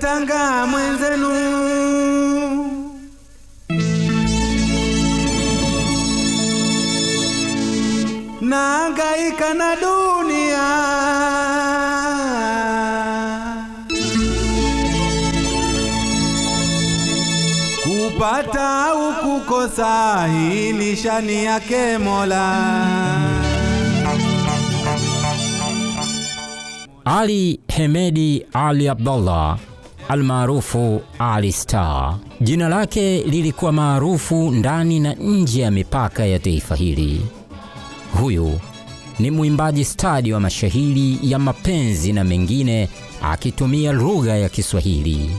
Tanga mwenzenu naangaika na dunia kupata au kukosa, hii shani yake Mola. Ali Hemedi Ali Abdallah almaarufu Ali Star. Jina lake lilikuwa maarufu ndani na nje ya mipaka ya taifa hili. Huyu ni mwimbaji stadi wa mashahiri ya mapenzi na mengine akitumia lugha ya Kiswahili.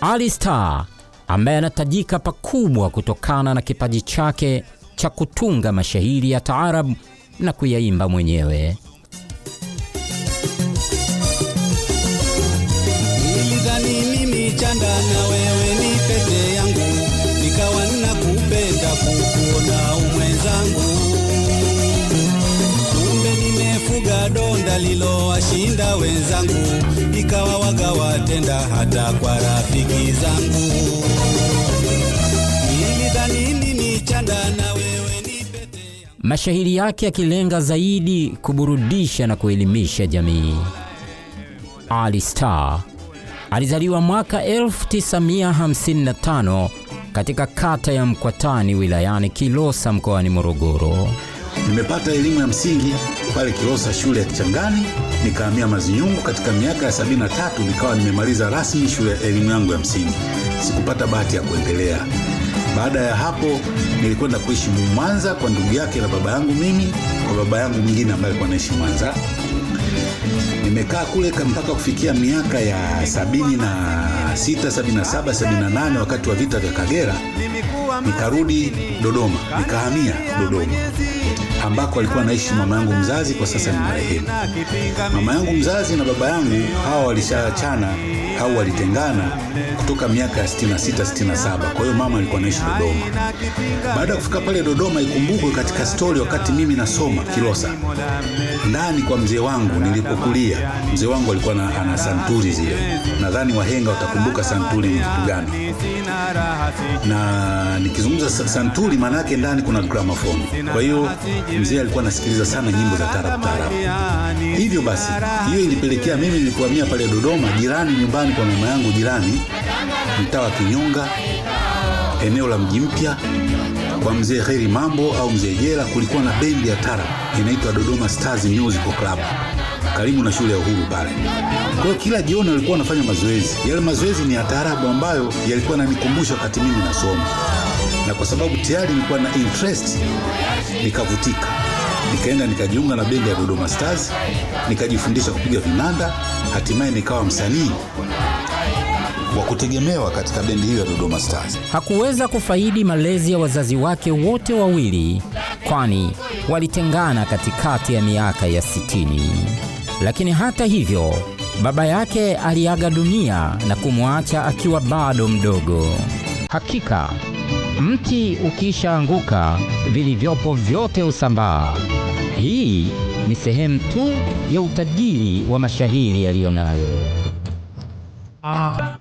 Alistar ambaye anatajika pakubwa kutokana na kipaji chake cha kutunga mashairi ya taarabu na kuyaimba mwenyewe. Nilidhani mimi chanda na wewe ni pete yangu, nikawa ninakupenda kukuona Kila donda lilowashinda wenzangu, ikawa watenda hata kwa rafiki zangu. Mashahiri yake yakilenga zaidi kuburudisha na kuelimisha jamii. Ali Star alizaliwa mwaka 1955 katika kata ya Mkwatani wilayani Kilosa mkoani Morogoro. Nimepata elimu ya msingi pale Kilosa shule ya Kichangani, nikahamia Mazinyungu katika miaka ya sabini na tatu nikawa nimemaliza rasmi shule ya elimu yangu ya msingi. Sikupata bahati ya kuendelea. Baada ya hapo nilikwenda kuishi Mwanza kwa ndugu yake na baba yangu mimi kwa baba yangu mwingine ambaye alikuwa anaishi Mwanza. Nimekaa kule mpaka kufikia miaka ya sabini na sita, sabini na saba, sabini na nane wakati wa vita vya Kagera nikarudi Dodoma, nikahamia Dodoma ambako alikuwa anaishi mama yangu mzazi, kwa sasa ni marehemu. Mama yangu mzazi na baba yangu hawa walishachana au walitengana kutoka miaka ya 66 67. Kwa hiyo mama alikuwa anaishi Dodoma. Baada ya kufika pale Dodoma, ikumbukwe katika stori, wakati mimi nasoma Kilosa ndani kwa mzee wangu nilipokulia, mzee wangu alikuwa na, ana santuri zile, nadhani wahenga watakumbuka santuri ni kitu gani, na nikizungumza santuri maana ndani kuna gramafoni. Kwa hiyo mzee alikuwa anasikiliza sana nyimbo za tarabu tarabu. Hivyo basi hiyo ilipelekea mimi nilipohamia pale Dodoma, jirani nyumbani nyumbani kwa mama yangu jirani, mtaa wa Kinyonga, eneo la mji mpya, kwa mzee heri Mambo au mzee Jela, kulikuwa na bendi ya tarab inaitwa Dodoma Stars Music Club karibu na shule ya Uhuru pale. Kwa kila jioni walikuwa wanafanya mazoezi. Yale mazoezi ni ya taarabu ambayo yalikuwa yananikumbusha wakati mimi nasoma, na kwa sababu tayari nilikuwa na interest nikavutika, nikaenda nikajiunga na bendi ya Dodoma Stars, nikajifundisha kupiga vinanda, hatimaye nikawa msanii wa kutegemewa katika bendi hiyo ya Dodoma Stars. Hakuweza kufaidi malezi ya wazazi wake wote wawili, kwani walitengana katikati ya miaka ya sitini. Lakini hata hivyo, baba yake aliaga dunia na kumwacha akiwa bado mdogo. Hakika mti ukishaanguka vilivyopo vyote usambaa Hii ni sehemu tu ya utajiri wa mashahiri yaliyonayo. Ah.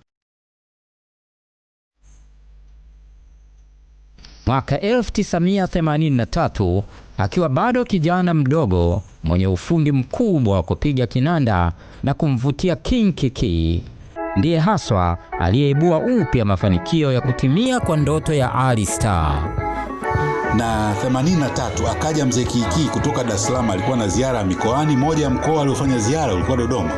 Mwaka 1983 akiwa bado kijana mdogo mwenye ufundi mkubwa wa kupiga kinanda na kumvutia King Kiki, ndiye haswa aliyeibua upya mafanikio ya kutimia kwa ndoto ya Ali Star. Na 83 akaja mzee Kiki kutoka Dar es Salaam, alikuwa na ziara ya mikoani. Moja ya mkoa aliofanya ziara ulikuwa Dodoma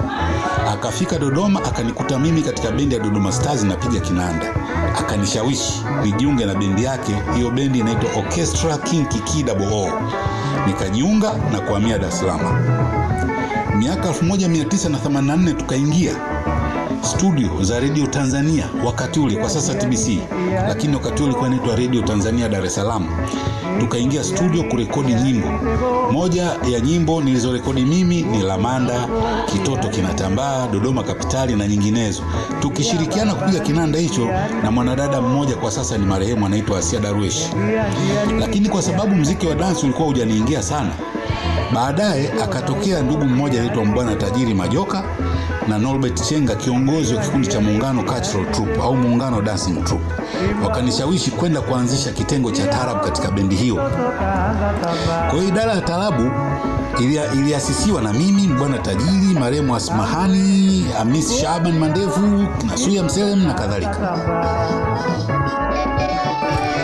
akafika Dodoma akanikuta mimi katika bendi ya Dodoma Stars napiga kinanda, akanishawishi nijiunge na bendi yake. Hiyo bendi inaitwa Orchestra King Kiki Double, nikajiunga na kuhamia Dar es Salaam miaka 1984 tukaingia studio za redio Tanzania wakati ule, kwa sasa TBC, lakini wakati ule ilikuwa inaitwa redio Tanzania Dar es Salaam. Tukaingia studio kurekodi nyimbo. Moja ya nyimbo nilizorekodi mimi ni Lamanda, Kitoto Kinatambaa, Dodoma Kapitali na nyinginezo, tukishirikiana kupiga kinanda hicho na mwanadada mmoja kwa sasa ni marehemu, anaitwa Asia Darwesh. Lakini kwa sababu mziki wa dansi ulikuwa hujaniingia sana, baadaye akatokea ndugu mmoja anaitwa Mbwana Tajiri Majoka na Norbert Chenga, kiongozi wa kikundi cha Muungano Cultural Troop au Muungano Dancing Troop, Wakanishawishi kwenda kuanzisha kitengo cha tarabu katika bendi hiyo. Kwa hiyo idara ya tarabu iliasisiwa na mimi Bwana Tajiri, marehemu Asmahani Hamis Shaban Mandevu na Suya Mselem na kadhalika.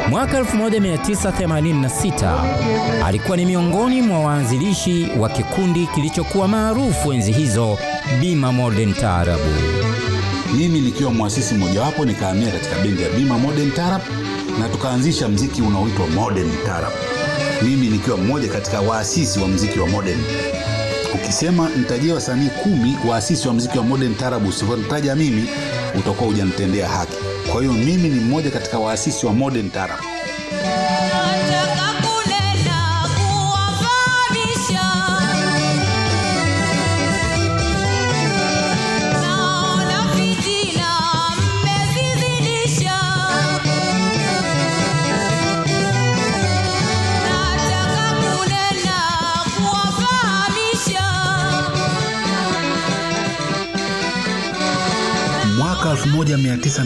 Mwaka 1986 alikuwa ni miongoni mwa waanzilishi wa kikundi kilichokuwa maarufu enzi hizo, Bima Modern tarabu Mimi nikiwa mwasisi mmojawapo nikahamia katika bendi ya Bima Modern Taarab na tukaanzisha mziki unaoitwa Modern Taarab. Mimi nikiwa mmoja katika waasisi wa mziki wa modern. Ukisema nitajia wasanii kumi waasisi wa mziki wa modern taarab, usivyotaja mimi utakuwa hujanitendea haki. Kwa hiyo mimi ni mmoja katika waasisi wa modern tarabu.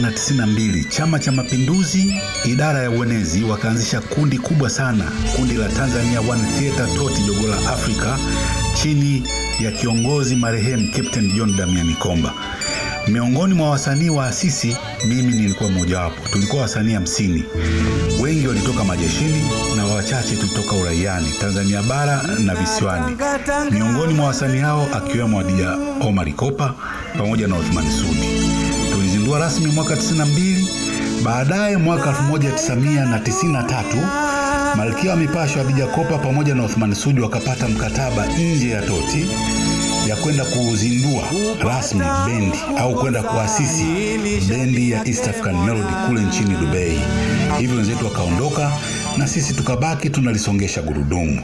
1992 92 Chama cha Mapinduzi idara ya uenezi wakaanzisha kundi kubwa sana, kundi la Tanzania One Theater toti dogo la Afrika chini ya kiongozi marehemu Captain John Damiani Komba. Miongoni mwa wasanii wa asisi mimi nilikuwa mmojawapo. Tulikuwa wasanii hamsini, wengi walitoka majeshini na wachache tulitoka uraiani, Tanzania bara na visiwani. Miongoni mwa wasanii hao akiwemo Hadija Omar Kopa pamoja na Othman Sudi alifunguliwa rasmi mwaka 92. Baadaye mwaka 1993 Malkia wa Mipasho Hadija Kopa pamoja na uthmani Suju wakapata mkataba nje ya Toti ya kwenda kuzindua rasmi bendi au kwenda kuasisi bendi ya East African Melody kule nchini Dubai. Hivyo wenzetu wakaondoka na sisi tukabaki tunalisongesha gurudumu.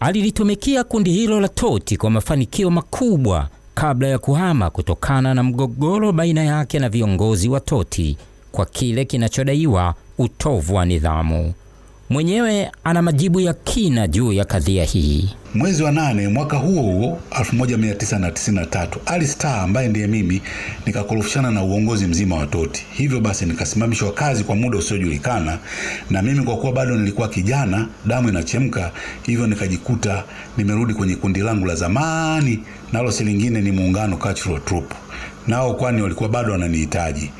Alilitumikia kundi hilo la Toti kwa mafanikio makubwa kabla ya kuhama kutokana na mgogoro baina yake na viongozi wa Toti kwa kile kinachodaiwa utovu wa nidhamu mwenyewe ana majibu ya kina juu ya kadhia hii. Mwezi wa nane mwaka huo huo 1993 Ali ambaye ndiye mimi nikakorofishana na uongozi mzima wa Toti, hivyo basi nikasimamishwa kazi kwa muda usiojulikana, na mimi kwa kuwa bado nilikuwa kijana, damu inachemka, hivyo nikajikuta nimerudi kwenye kundi langu la zamani, nalo si lingine ni Muungano Cultural Troop, nao kwani walikuwa bado wananihitaji.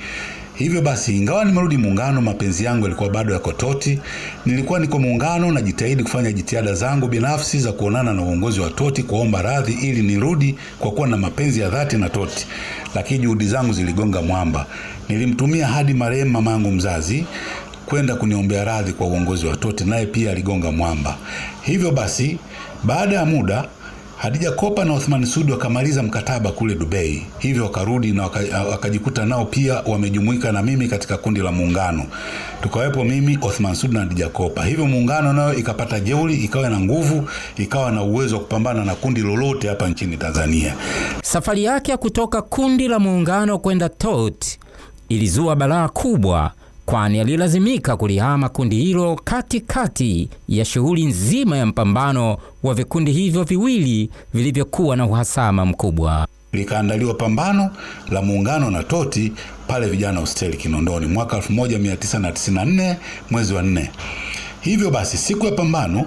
Hivyo basi, ingawa nimerudi Muungano, mapenzi yangu yalikuwa bado yako Toti. Nilikuwa niko Muungano, najitahidi kufanya jitihada zangu binafsi za kuonana na uongozi wa Toti kuomba radhi ili nirudi, kwa kuwa na mapenzi ya dhati na Toti, lakini juhudi zangu ziligonga mwamba. Nilimtumia hadi marehemu mama yangu mzazi kwenda kuniombea radhi kwa uongozi wa Toti, naye pia aligonga mwamba. Hivyo basi, baada ya muda Hadija Kopa na Othman Sudi wakamaliza mkataba kule Dubai, hivyo wakarudi na wakajikuta nao pia wamejumuika na mimi katika kundi la muungano, tukawepo mimi, Othman Sudi na Hadija Kopa. Hivyo muungano nayo ikapata jeuri, ikawa na nguvu, ikawa na uwezo wa kupambana na kundi lolote hapa nchini Tanzania. Safari yake ya kutoka kundi la muungano kwenda TOT ilizua balaa kubwa kwani alilazimika kulihama kundi hilo katikati ya shughuli nzima ya mpambano wa vikundi hivyo viwili vilivyokuwa na uhasama mkubwa. Likaandaliwa pambano la muungano na Toti pale vijana hosteli Kinondoni mwaka 1994 mwezi wa nne. Hivyo basi siku ya pambano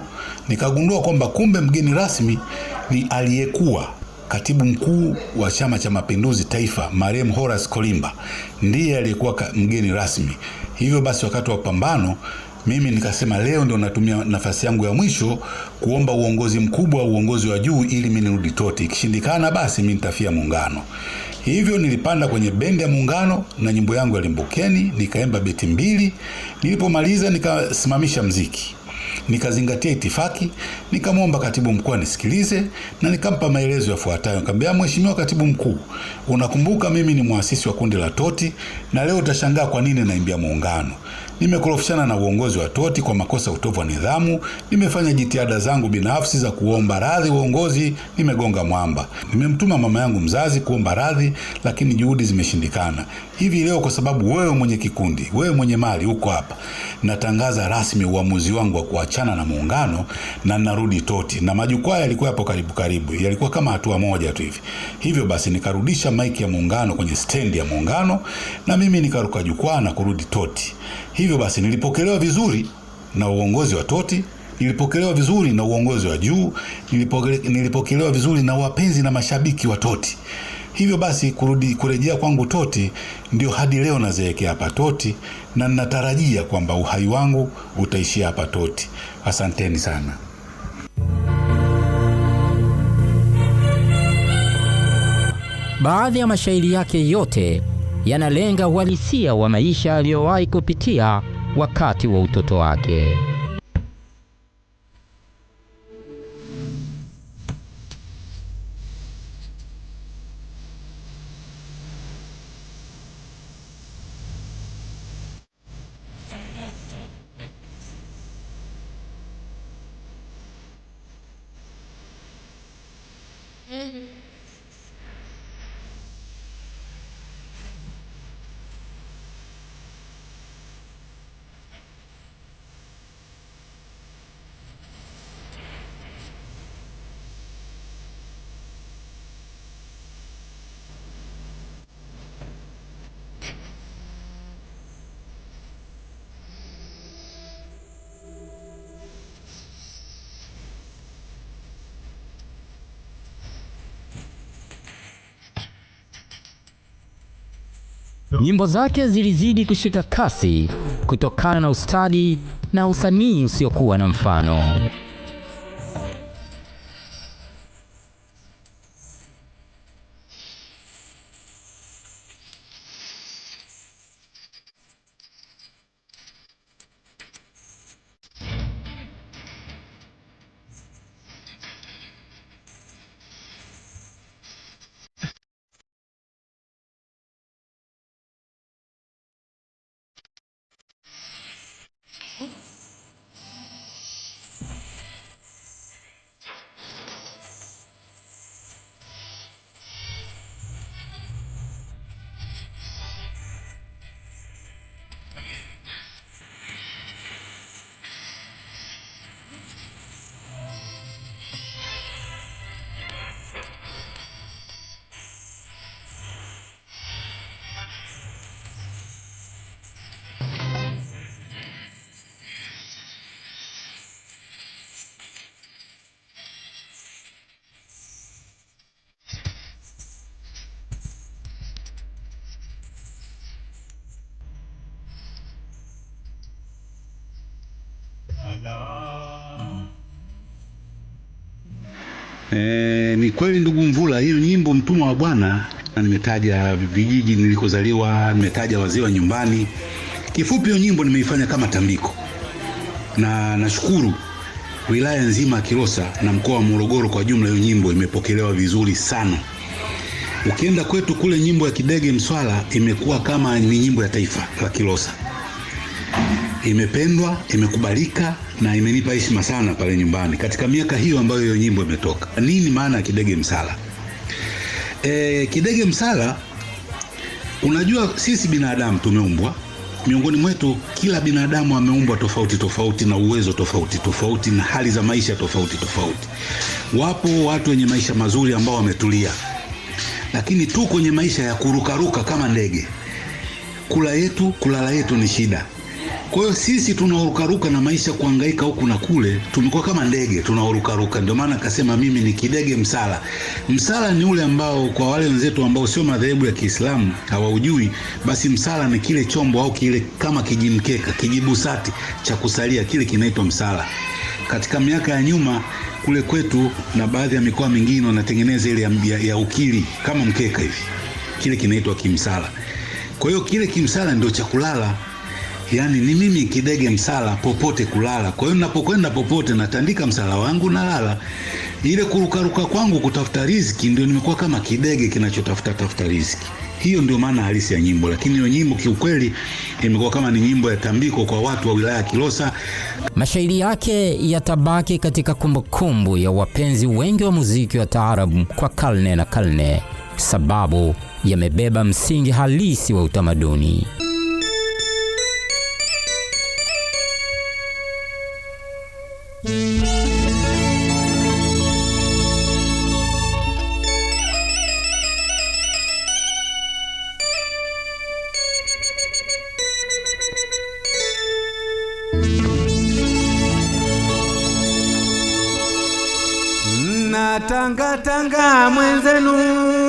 nikagundua kwamba kumbe mgeni rasmi ni aliyekuwa Katibu mkuu wa Chama cha Mapinduzi Taifa marehemu Horace Kolimba ndiye aliyekuwa mgeni rasmi. Hivyo basi, wakati wa pambano mimi nikasema leo ndio natumia nafasi yangu ya mwisho kuomba uongozi mkubwa, uongozi wa juu, ili mimi nirudi Toti. Ikishindikana basi mimi nitafia Muungano. Hivyo nilipanda kwenye bendi ya Muungano na nyimbo yangu ya Limbukeni, nikaimba beti mbili. Nilipomaliza nikasimamisha mziki. Nikazingatia itifaki, nikamwomba katibu mkuu anisikilize na nikampa maelezo yafuatayo. Nikamwambia, Mheshimiwa Katibu Mkuu, unakumbuka mimi ni mwasisi wa kundi la Toti na leo utashangaa kwa nini naimbia muungano nimekorofishana na uongozi wa TOTI kwa makosa utovu wa nidhamu. Nimefanya jitihada zangu binafsi za kuomba radhi uongozi, nimegonga mwamba. Nimemtuma mama yangu mzazi kuomba radhi, lakini juhudi zimeshindikana. Hivi leo, kwa sababu wewe mwenye kikundi, wewe mwenye mali huko hapa, natangaza rasmi uamuzi wangu wa kuachana na muungano na narudi TOTI, na majukwaa yalikuwa yapo karibu karibu, yalikuwa kama hatua moja tu hivi. Hivyo basi nikarudisha maiki ya muungano kwenye stendi ya muungano na mimi nikaruka jukwaa na kurudi TOTI. Hivyo Hivyo basi nilipokelewa vizuri na uongozi wa Toti, nilipokelewa vizuri na uongozi wa juu, nilipokelewa vizuri na wapenzi na mashabiki wa Toti. Hivyo basi kurudi kurejea kwangu Toti ndio hadi leo nazeekea hapa Toti, na ninatarajia kwamba uhai wangu utaishia hapa Toti. Asanteni sana. Baadhi ya mashairi yake yote yanalenga uhalisia wa maisha aliyowahi kupitia wakati wa utoto wake. Nyimbo zake zilizidi kushika kasi kutokana na ustadi na usanii usiokuwa na mfano. E, ni kweli ndugu Mvula, hiyo nyimbo Mtumwa wa Bwana, na nimetaja vijiji nilikozaliwa, nimetaja wazee wa nyumbani. Kifupi, hiyo nyimbo nimeifanya kama tambiko, na nashukuru wilaya nzima ya Kilosa na mkoa wa Morogoro kwa jumla, hiyo nyimbo imepokelewa vizuri sana. Ukienda kwetu kule, nyimbo ya Kidege Mswala imekuwa kama ni nyimbo ya taifa la Kilosa imependwa, imekubalika na imenipa heshima sana pale nyumbani katika miaka hiyo ambayo hiyo nyimbo imetoka. Nini maana ya kidege msala? E, kidege msala, unajua sisi binadamu tumeumbwa miongoni mwetu kila binadamu ameumbwa tofauti tofauti na uwezo tofauti tofauti na hali za maisha tofauti tofauti. Wapo watu wenye maisha mazuri ambao wametulia, lakini tu kwenye maisha ya kurukaruka kama ndege. Kula yetu kulala yetu ni shida. Kwa hiyo sisi tunaorukaruka na maisha, kuangaika huku na kule, tumekuwa kama ndege tunaorukaruka. Ndio maana akasema mimi ni kidege msala. Msala ni ule ambao kwa wale wenzetu ambao sio madhehebu ya Kiislamu hawaujui, basi msala ni kile chombo au kile kama kijimkeka, kijibusati cha kusalia, kile kinaitwa msala. Katika miaka ya nyuma kule kwetu na baadhi ya mikoa mingine wanatengeneza ile ya, ya, ya ukili kama mkeka hivi, kile kinaitwa kimsala. Kwa hiyo kile kimsala ndio cha kulala yani ni mimi kidege msala popote kulala. Kwa hiyo ninapokwenda popote natandika msala wangu nalala. Ile kurukaruka kwangu kutafuta riziki ndio nimekuwa kama kidege kinachotafuta tafuta riziki. Hiyo ndio maana halisi ya nyimbo, lakini hiyo nyimbo kiukweli imekuwa kama ni nyimbo ya tambiko kwa watu wa wilaya ya Kilosa. Mashairi yake yatabaki katika kumbukumbu ya wapenzi wengi wa muziki wa taarabu kwa karne na karne, sababu yamebeba msingi halisi wa utamaduni. na tanga tanga mwenzenu